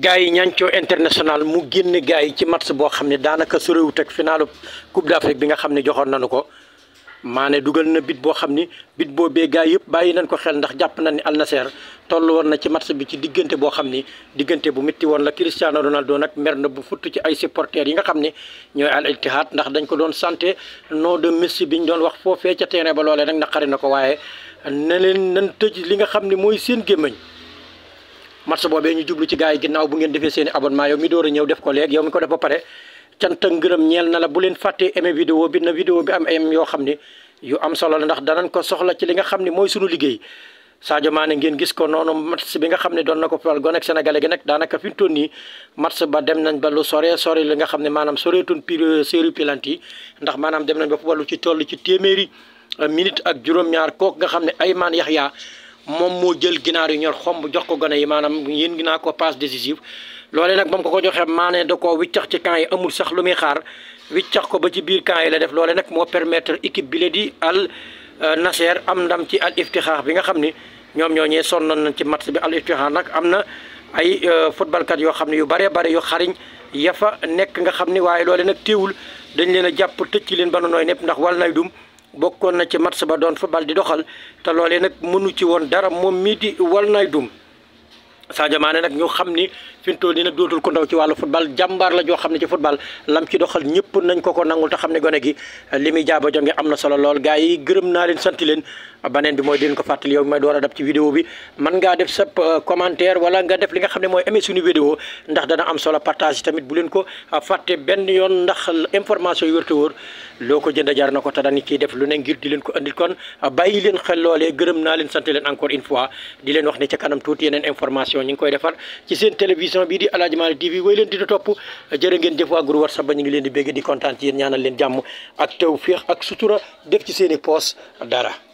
gars yi ñancoo international mu génne gars yi ci match boo xam ne daanaka sorewut ak finalu coupe d'Afrique bi nga xam ne joxoon nañu ko maane dugal na bit boo xam ni bit boo bee gars yëpp bàyyi nañ ko xel ndax jàpp na ni Al Nassr toll woon na ci match bi ci diggante boo xam ni diggante bu métti woon la Cristiano Ronaldo nag mer na bu futt ci ay supporters yi nga xam ni ñooy Al Ittihad ndax dañ ko doon santé noo de Messi bi ñu doon wax foofee ca terrain ba loolee nag naqari na ko waaye na leen nan tëj li nga xam ni mooy seen gémmiñ match boobee ñu jublu ci gars yi ginnaaw bu ngeen defee seen i abonnement yow mi door a ñëw def ko léegi yow mi ko def ba pare cant ngërëm ñeel na la bu leen fàttee aimé vidéo bi na vidéo bi am am yoo xam ne yu am solo la ndax danañ ko soxla ci li nga xam ne mooy sunu liggéey Sadio Mané ngeen gis ko noonu match bi nga xam ne doon na ko fal gone ak sénégalais nag daanaka fi mu toll nii match ba dem nañ ba lu sore sore li nga xam ne maanaam soreetun pire série pilanti yi ndax maanaam dem nañ ba fu wàllu ci toll ci téeméeri minute ak juróom-ñaar kooku nga xam ne Ayman Yahya moom moo jël ginaar yu ñor xomb jox ko gone yi maanaam yéen gi naa ko passe décisive loolee nag moom mu ko ko joxee maanee da ko wiccax ci camp yi amul sax lu xaar wiccax ko ba ci biir camp yi la def loole nag moo permettre équipe bi la di al euh, Nasser am ndam ci al Iftixaar bi nga xam ni ñoom ñoo ñee sonnoon nañ ci match bi al Iftixaar nag am na ay euh, footballkat yoo xam ne yu bëree bëri yu xariñ yafa nekk nga xam ni waaye loole nag téewul dañ leen a jàpp tëj leen ba nooy nepp ndax wal nay dum bokkoon na ci match ba doon fa di doxal te loolee nag mënu ci woon dara moom mii di Walnaydum Sadio Mané nag ñu xam ni fi mu toll nii nag dootul ko ndaw ci wàllu football jàmbaar la xam ne ci football lam ci doxal ñëpp nañ ko ko nangul te xam ne gone gi na solo lool gërëm naa leen sant leen bi mooy di leen ko fàttali yow mi may door a dab sa euh, commentaire wala nga def li nga xam ne mooy aimé suñu vidéo ndax am solo partage tamit bu leen ko euh, fàtte benn yoon ndax information yu wér te wóor ko jënd jar na ko te dañu ciy def lu ne ngir di leen ko andil kon bàyyi leen xel loolee naa leen sant leen encore une fois di leen wax ne ca kanam tuuti yeneen information émission ñu ngi koy defar ci seen télévision bii di Aladji Malick TV wéy leen di topp jërë ngeen jëf waa groupe WhatsApp ba ñu ngi leen di bégg di kontaan ci ñaanal leen jàmm ak tew féex ak sutura def ci seen i poos dara